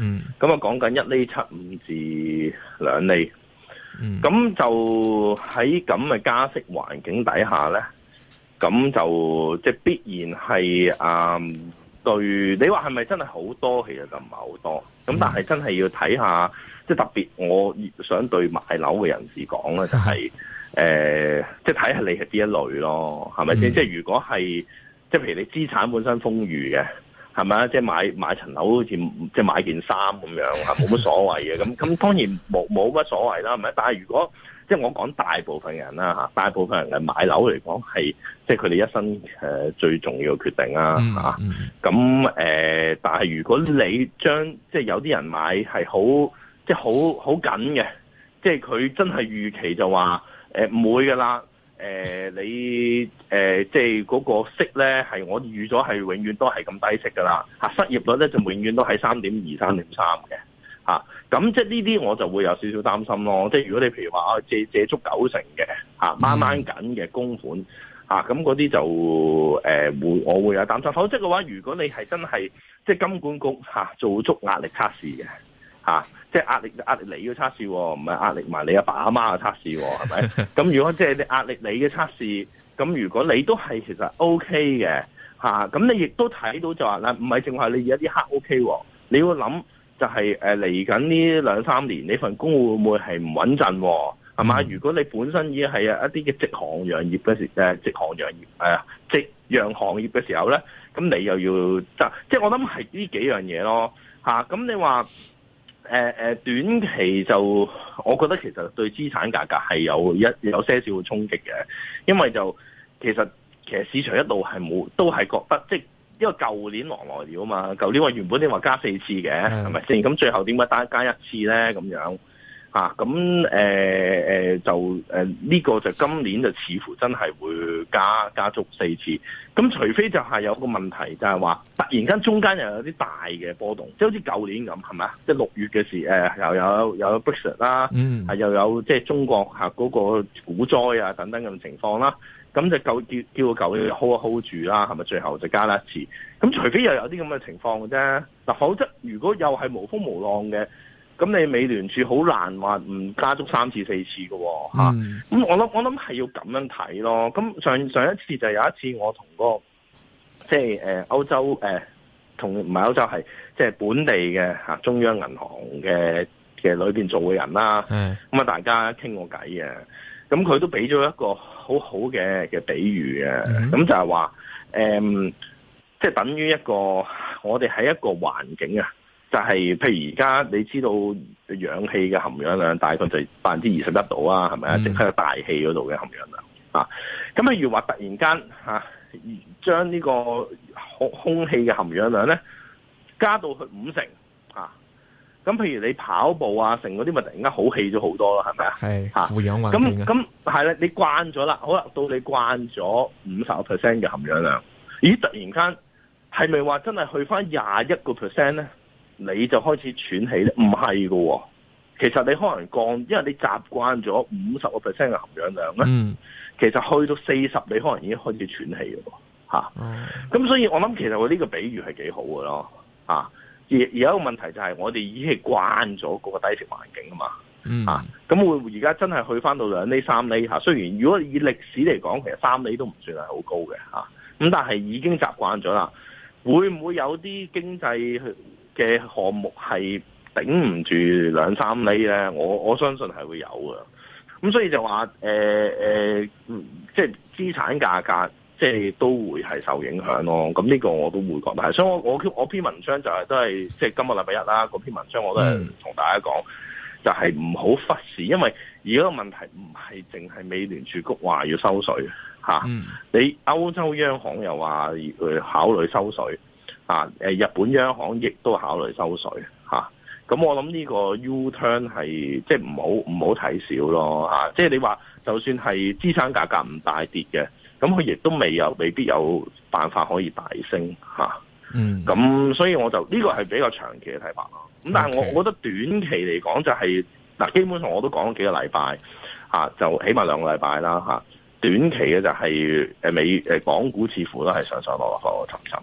嗯，咁啊講緊一厘七五至兩厘，咁、嗯、就喺咁嘅加息環境底下咧，咁就即係必然係啊、嗯、對，你話係咪真係好多？其實就唔係好多。咁、嗯、但係真係要睇下，即係特別，我想對買樓嘅人士講咧，就係、是、誒、 呃，即係睇下你係邊一類咯，係咪先？即係如果係，即係譬如你資產本身豐裕嘅。係咪啊？即係買買層樓好似即係買件衫咁樣，係冇乜所謂嘅。咁咁 當然冇冇乜所謂啦。係咪？但係如果即係我講大部分人啦嚇，大部分人係買樓嚟講係即係佢哋一生誒、呃、最重要嘅決定啦嚇。咁、啊、誒、 呃，但係如果你將即係有啲人買係好即係好好緊嘅，即係佢真係預期就話誒唔會㗎啦。誒、呃、你誒、呃、即係嗰個息咧，係我預咗係永遠都係咁低息噶啦、啊、失業率咧就永遠都係三點二三點三嘅，咁，即係呢啲我就會有少少擔心咯。即係如果你譬如話啊，借借足九成嘅嚇，掹、啊、掹緊嘅供款，咁，嗰啲就誒會、啊、我會有擔心。否則嘅話，如果你係真係即係金管局、啊、做足壓力測試嘅。啊！即係壓力，壓力你要測試、哦，唔係壓力埋你阿爸阿媽嘅測試、哦，係咪？咁 如果即係你壓力你嘅測試，咁如果你都係其實 O K 嘅，咁、啊、你亦都睇到就話咧，唔係淨係你而一啲黑 O K，你要諗就係誒嚟緊呢兩三年，你份工會唔會係唔穩陣係、哦、嘛？ 如果你本身已經係一啲嘅職行養業嘅時誒職、啊、行養業誒職業行業嘅時候咧，咁你又要即係我諗係呢幾樣嘢咯嚇。咁、啊、你話？誒誒短期就我覺得其實對資產價格係有一有些少嘅衝擊嘅，因為就其實，其實市場一路係冇都係覺得，即係因為舊年來來了啊嘛，舊年話原本你話加四次嘅，係咪先？咁最後點解單加一次咧？咁樣。啊，咁誒、呃呃、就誒呢、呃這個就今年就似乎真係會加加足四次，咁除非就係有個問題就係話，突然間中間又有啲大嘅波動，即係好似舊年咁係咪啊？即係六月嘅時誒又有有 Brexit 啦，又有即係、嗯就是、中國嗰、啊那個股災啊等等咁情況啦，咁就叫叫佢 hold hold 住啦，係咪最後就加一次？咁除非又有啲咁嘅情況嘅啫，嗱、啊，否則如果又係無風無浪嘅。咁你美聯儲好難話唔加足三次四次嘅喎、啊，咁、嗯啊、我諗我諗係要咁樣睇咯。咁上上一次就有一次我同個即係誒、呃、歐洲誒同唔係歐洲係即係本地嘅、啊、中央銀行嘅嘅裏面做嘅人啦、啊，咁啊是的 大家傾過偈嘅、啊，咁佢都俾咗一個好好嘅嘅比喻嘅、啊，咁是的 就係話誒，即係等於一個我哋喺一個環境啊。就係譬如而家你知道氧氣嘅含氧量大概就係百分之二十一度啊，係咪啊？即係個大氣嗰度嘅含氧量啊。咁譬如話突然間嚇、啊、將呢個空空氣嘅含氧量咧加到去五成啊。咁譬如你跑步啊，成嗰啲咪突然間好氣咗好多咯，係咪啊？係嚇、啊。氧咁咁係啦，你慣咗啦，好啦，到你慣咗五十個 percent 嘅含氧量，咦？突然間係咪話真係去翻廿一個 percent 咧？呢你就開始喘氣咧？唔係㗎喎，其實你可能降，因為你習慣咗五十個 percent 嘅含氧量咧。嗯，其實去到四十，你可能已經開始喘氣嘅喎，咁、啊嗯、所以，我諗其實我呢個比喻係幾好㗎咯、啊，而而有一個問題就係，我哋已經慣咗嗰個低息環境啊嘛。嗯。咁會唔會而家真係去返到兩釐三釐嚇、啊？雖然如果以歷史嚟講，其實三厘都唔算係好高嘅吓，咁、啊、但係已經習慣咗啦，會唔會有啲經濟去？嘅項目係頂唔住兩三厘咧，我我相信係會有㗎，咁所以就話誒誒，即係資產價格即係都會係受影響咯。咁呢個我都會講，但係所以我我我篇文章就係都係即係今日禮拜一啦，嗰篇文章我都係同大家講，就係唔好忽視，因為而家個問題唔係淨係美聯儲局話要收水嚇、啊，你歐洲央行又話考慮收水。啊，日本央行亦都考慮收水嚇，咁、啊、我諗呢個 U turn 係即係唔好唔好睇少咯嚇，即、啊、係、就是、你話就算係資產價格唔大跌嘅，咁佢亦都未有未必有辦法可以大升嚇，啊、嗯，咁、啊、所以我就呢、呢個係比較長期嘅睇法咯，咁但係我我覺得短期嚟講就係、是、嗱，基本上我都講咗幾個禮拜嚇、啊，就起碼兩個禮拜啦嚇、啊，短期嘅就係美港股似乎都係上上落落，浮浮沉沉。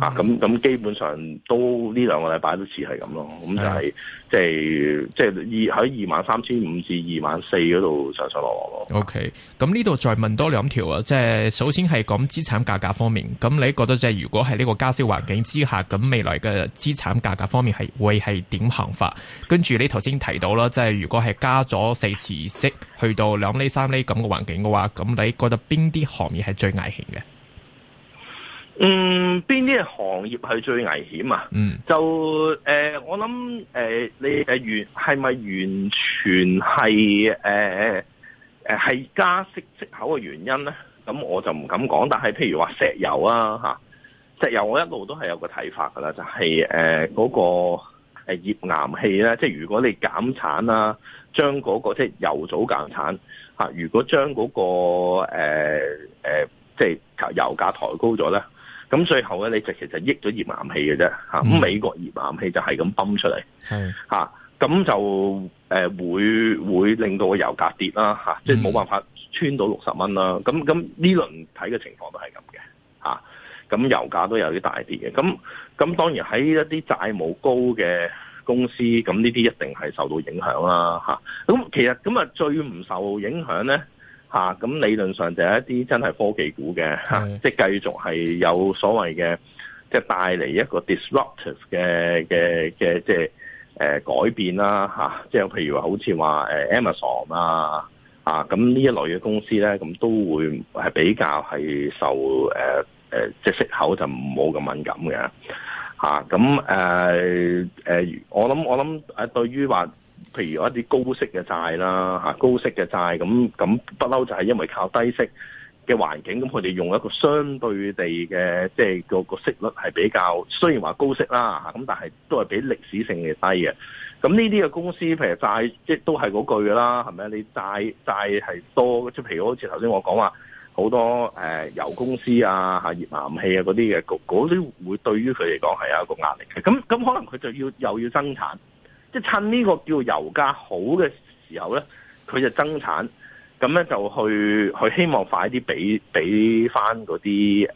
啊，咁咁基本上都呢兩個禮拜都似係咁咯，咁就係即係即係二喺二萬三千五至二萬四嗰度上上落落咯。OK，咁呢度再問多兩條啊，即係首先係講資產價格方面，咁你覺得即係如果係呢個加息環境之下，咁未來嘅資產價格方面係會係點行法？跟住你頭先提到啦，即係如果係加咗四次息，去到兩厘、三厘咁嘅環境嘅話，咁你覺得邊啲行業係最危險嘅？嗯，邊啲行業係最危險啊？嗯，就誒、呃，我諗誒、呃，你誒完係咪完全係誒誒係加息息口嘅原因咧？咁我就唔敢講。但係譬如話石油啊，嚇，石油我一路都係有個睇法㗎啦，就係誒嗰個誒頁岩氣咧，即係如果你減產啊，將嗰、那個即係油組減產嚇、啊，如果將嗰、那個誒、呃呃、即係油價抬高咗咧。咁最後咧，你就其實益咗頁岩氣嘅啫，咁、嗯、美國頁岩氣就係咁泵出嚟，咁是、啊、就、呃、會,會令到個油價跌啦，即係冇辦法穿到六十蚊啦。咁咁呢輪睇嘅情況都係咁嘅，咁、啊、油價都有啲大跌嘅。咁咁當然喺一啲債務高嘅公司，咁呢啲一定係受到影響啦，咁、啊、其實咁啊最唔受影響咧。咁、啊、理論上就係一啲真係科技股嘅的、啊、即係繼續係有所謂嘅，即係帶嚟一個 disruptive 嘅嘅嘅即係、呃、改變啦，即係譬如話好似話、呃、Amazon 啊，啊咁呢、啊、一類嘅公司咧，咁都會係比較係受、呃呃、即係息口就唔冇咁敏感嘅，咁、啊啊呃呃、我諗我諗對於話。譬如有一啲高息嘅債啦，高息嘅債咁咁不嬲就係因為靠低息嘅環境，咁佢哋用一個相對地嘅即係個、個息率係比較雖然話高息啦嚇，咁但係都係比歷史性嘅低嘅。咁呢啲嘅公司，譬如債即都係嗰句噶啦，係咪？你債債係多即譬如好似頭先我講話好多誒、呃、油公司啊嚇熱門氣啊嗰啲嘅嗰嗰啲會對於佢嚟講係有一個壓力嘅。咁咁可能佢就要又要生產。即係趁呢個叫油價好嘅時候咧，佢就增產，咁咧就去去希望快啲俾俾翻嗰啲誒，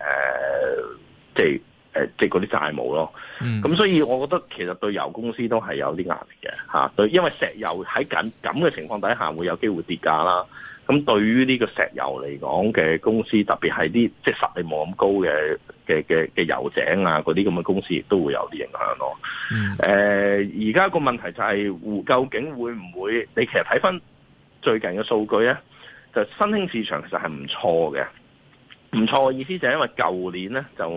即係誒、呃，即係嗰啲債務咯。咁、嗯、所以我覺得其實對油公司都係有啲壓力嘅吓，對，因為石油喺咁咁嘅情況底下會有機會跌價啦。咁對於呢個石油嚟講嘅公司，特別係啲即實力冇咁高嘅嘅嘅嘅油井啊，嗰啲咁嘅公司，亦都會有啲影響咯。誒、嗯，而家個問題就係、是，究竟會唔會？你其實睇翻最近嘅數據咧，就新興市場其實係唔錯嘅，唔錯嘅意思就係因為舊年咧，就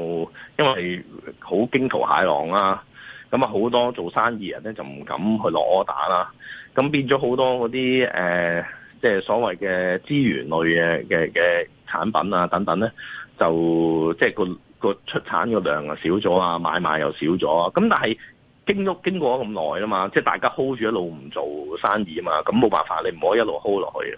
因為好驚濤駭浪啦、啊，咁啊好多做生意人咧就唔敢去攞打啦，咁變咗好多嗰啲即係所謂嘅資源類嘅嘅嘅產品啊等等咧，就即係個個出產個量啊少咗啊，買賣又少咗啊。咁但係經過咗咁耐啦嘛，即係大家 hold 住一路唔做生意啊嘛，咁冇辦法，你唔可以一路 hold 落去啊。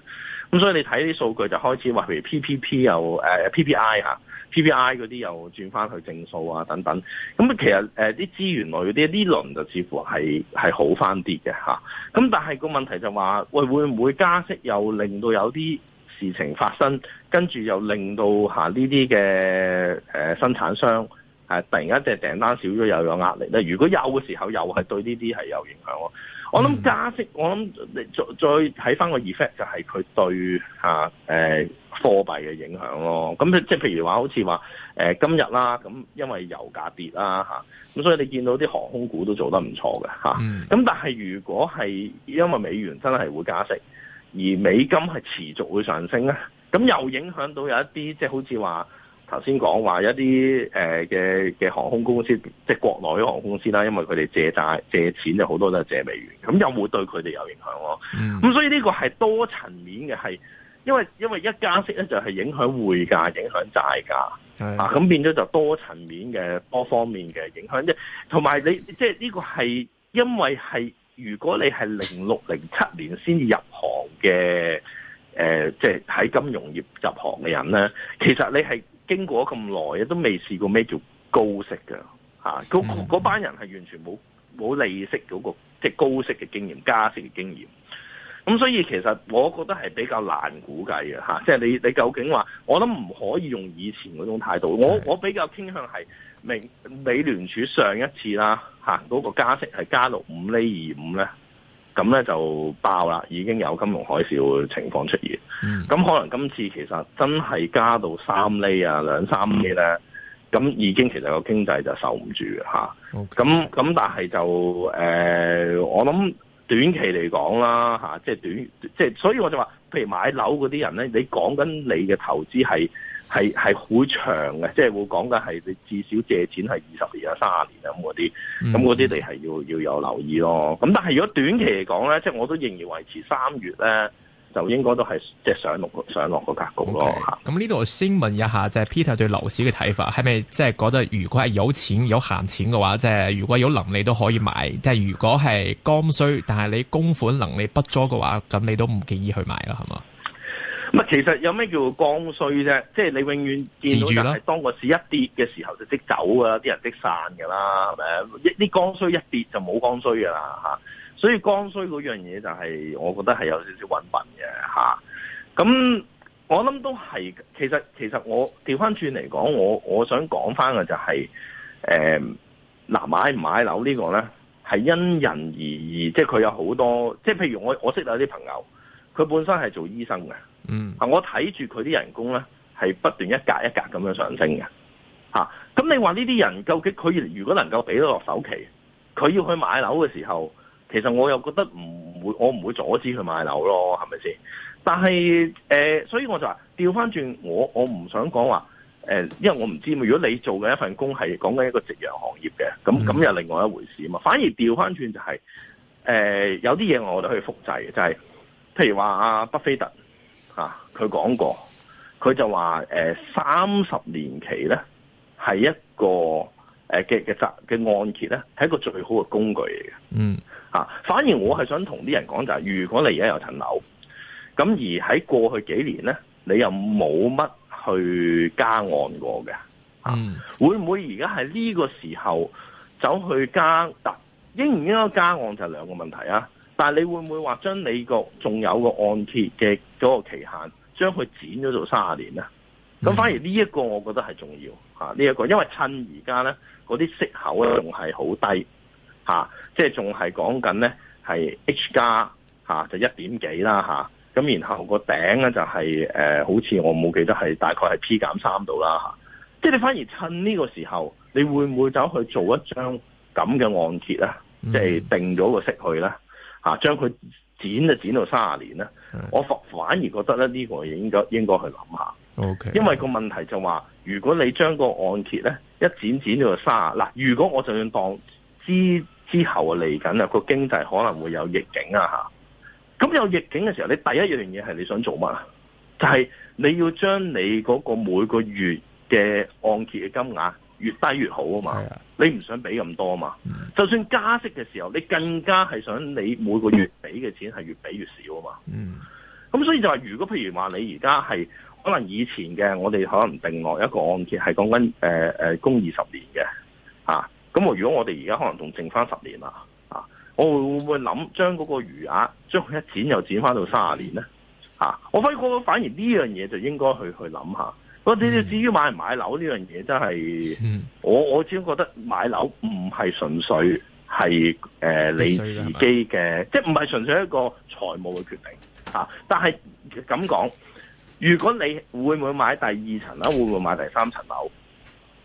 咁所以你睇啲數據就開始話，譬如 PPP 又誒 PPI 啊。PPI 嗰啲又轉翻去正數啊，等等，咁其實啲、呃、資源類嗰啲呢輪就似乎係係好翻啲嘅吓，咁但係個問題就話喂會唔會加息又令到有啲事情發生，跟住又令到呢啲嘅生產商係、啊、突然間即係訂單少咗又有壓力咧，如果有嘅時候又係對呢啲係有影響喎。我諗加息，我諗你再再睇翻個 effect 就係佢對吓誒貨幣嘅影響咯。咁即係譬如話好似話誒今日啦，咁因為油價跌啦吓，咁、啊、所以你見到啲航空股都做得唔錯嘅吓。咁、啊嗯、但係如果係因為美元真係會加息，而美金係持續會上升咧，咁又影響到有一啲即好似話。頭先講話一啲誒嘅嘅航空公司，即係國內嘅航空公司啦，因為佢哋借債借錢就好多都係借美元，咁又會對佢哋有影響咯。咁所以呢個係多層面嘅，係因為因為一加息咧就係影響匯價、影響債價，的啊咁變咗就多層面嘅多方面嘅影響即，同埋你，即係呢個係因為係如果你係零六零七年先入行嘅誒，即係喺金融業入行嘅人咧，其實你係。經過咗咁耐啊，都未試過咩叫高息㗎。嗰、啊、班人係完全冇冇利息嗰個即係高息嘅經驗，加息嘅經驗。咁所以其實我覺得係比較難估計嘅嚇，即係你你究竟話，我諗唔可以用以前嗰種態度，我我比較傾向係美美聯儲上一次啦嚇，嗰、啊嗰個加息係加六五厘二五咧。咁咧就爆啦，已經有金融海嘯嘅情況出現。咁可能今次其實真係加到三厘啊，兩三厘咧，咁已經其實個經濟就受唔住嚇。咁咁 Okay. 但係就誒、呃，我諗短期嚟講啦嚇，即係短，即係所以我就話，譬如買樓嗰啲人咧，你講緊你嘅投資係。係係好長嘅，即係會講緊係你至少借錢係二十年啊，三十年啊咁嗰啲，咁嗰啲你係要要有留意咯。咁但係如果短期嚟講咧，即係我都仍然維持三月咧就應該都係即係上落上落個格局咯。咁呢度先問一下，就係 Peter 對樓市嘅睇法係咪即係覺得如果係有錢有閒錢嘅話，即係如果有能力都可以買。即係如果係剛需，但係你供款能力不足嘅話，咁你都唔建議去買啦，係嘛？唔，其實有咩叫做剛需啫？即係你永遠見到人係當個市一跌嘅時候就即走啊，啲人即散嘅啦，係咪？一啲剛需一跌就冇剛需嘅啦嚇。所以剛需嗰樣嘢就係、是、我覺得係有少少混濁嘅嚇。咁我諗都係其實其實，我調翻轉嚟講，我我想講翻嘅就係誒，嗱買唔買樓呢個呢個咧係因人而異，即係佢有好多即係譬如我我識有啲朋友，佢本身係做醫生嘅。嗯，我睇住佢啲人工咧，係不斷一格一格咁樣上升嘅，吓、啊，咁你話呢啲人究竟佢如果能夠俾到落首期，佢要去買樓嘅時候，其實我又覺得唔會，我唔會阻止佢買樓咯，係咪先？但係誒、呃，所以我就話調翻轉，我我唔想講話誒，因為我唔知，如果你做嘅一份工係講緊一個夕陽行業嘅，咁咁又另外一回事嘛。反而調翻轉就係、是、誒、呃，有啲嘢我哋可以複製嘅，就係、是、譬如話阿巴菲特。啊！佢講過，佢就話誒三十年期咧，係一個誒嘅嘅集嘅按揭咧，係一個最好嘅工具嚟嘅。嗯，啊，反而我係想同啲人講就係、是，如果你現在層樓而家有層樓，咁而喺過去幾年咧，你又冇乜去加按過嘅，啊，嗯、會唔會而家係呢個時候走去加？啊、應唔應該加按？就係兩個問題啊？但你會唔會話將你個仲有個按揭嘅嗰個期限將、將佢剪咗做三十年咧？咁反而呢一個我覺得係重要呢一個、啊這個，因為趁而家咧嗰啲息口咧仲係好低、啊、即係仲係講緊咧係 H 加、啊、就一點幾啦，咁然後個頂咧就係、是、呃、好似我冇記得係大概係 P 減三度啦，即係你反而趁呢個時候，你會唔會走去做一張咁嘅按揭咧？即係、嗯、定咗個息去咧？嗱、啊，將佢剪就剪到三十年咧，的我反而覺得咧呢、呢個嘢應，應該去諗下。O okay K，因為個問題就話，如果你將個按揭咧一剪剪到三十，嗱，如果我就算當之之後嚟緊啊，個經濟可能會有逆境啊咁、啊、有逆境嘅時候，你第一樣嘢係你想做乜啊？就係、是、你要將你嗰個每個月嘅按揭嘅金額。越低越好啊嘛，啊你唔想俾咁多嘛？嗯、就算加息嘅時候，你更加係想你每個月俾嘅錢係越俾越少啊嘛。咁、嗯、所以就話，如果譬如話你而家係可能以前嘅，我哋可能定落一個按揭係講緊誒誒供二十年嘅，咁、啊、我如果我哋而家可能仲剩翻十年啦、啊，我會唔會諗將嗰個餘額將佢一剪又剪翻到三十年咧？啊，我發覺反而呢樣嘢就應該去去諗下。我你你至於買唔買樓呢樣嘢，真係、嗯、我我始終覺得買樓唔係純粹係、呃、你自己嘅，是是即係唔係純粹一個財務嘅決定、啊、但係咁講，如果你會唔會買第二層樓、啊，會唔會買第三層樓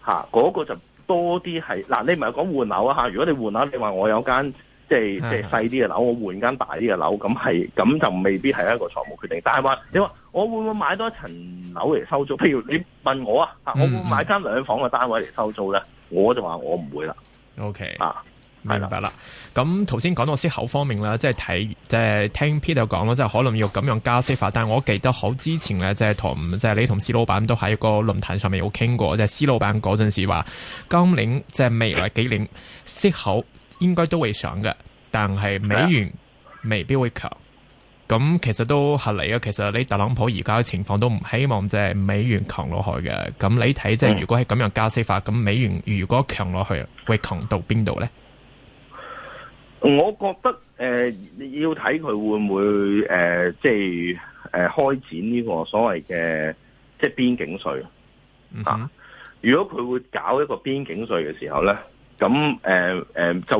嗰、啊嗰個就多啲係。嗱，你唔係講換樓啊，如果你換樓，你話我有間即係即，即細啲嘅樓，我換間大啲嘅樓，咁咁就未必係一個財務決定。但係話你話。我會唔會買多一層樓嚟收租？譬如你問我啊，嗯嗯我會唔會買間兩房嘅單位嚟收租咧，我就話我唔會啦。OK 啊，明白啦。咁頭先講到息口方面啦，即係睇，即係聽 Peter 講咯，即係可能要咁樣加息法。但係我記得好之前咧，即係同即係你同施老闆都喺個論壇上面有傾過，即係施老闆嗰陣時話，今年，即係未來幾年息口應該都會上嘅，但係美元未必會強。咁其實都合理啊。其實你特朗普而家嘅情況都唔希望即係美元強落去嘅。咁你睇即係如果係咁樣加息法，咁、嗯、美元如果強落去，會強到邊度呢？我覺得誒、呃，要睇佢會唔會誒，即係誒開展呢個所謂嘅即係邊境稅啊。嗯、哼如果佢會搞一個邊境稅嘅時候呢。咁誒誒，就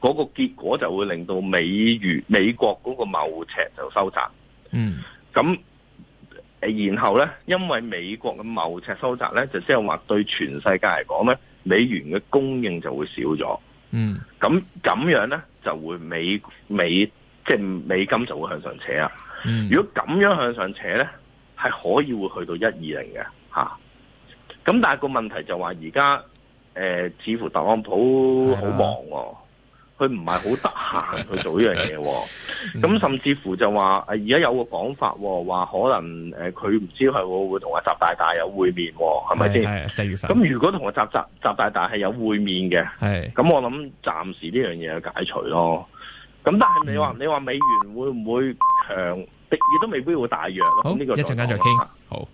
嗰個結果就會令到美元美國嗰個貿赤就收窄，嗯，咁誒，然後咧，因為美國嘅貿赤收窄咧，就即係話對全世界嚟講咧，美元嘅供應就會少咗，嗯，咁咁樣咧就會美美即係美金就會向上扯啊，嗯，如果咁樣向上扯咧，係可以會去到一二零嘅嚇，咁但係個問題就話而家。誒、呃，似乎特朗普好、啊、忙、哦，佢唔係好得閒去做呢樣嘢，咁 甚至乎就話，而、呃、家有個講法、哦，話可能誒，佢、呃、唔知係會唔會同阿習大大有會面、哦，係咪先？係、係、四月份。咁如果同阿習習習大大係有會面嘅，係是，咁我諗暫時呢樣嘢解除咯。咁但係你話、嗯、你話美元會唔會強？亦都未必會大弱咯。好，呢個一陣間再傾。好。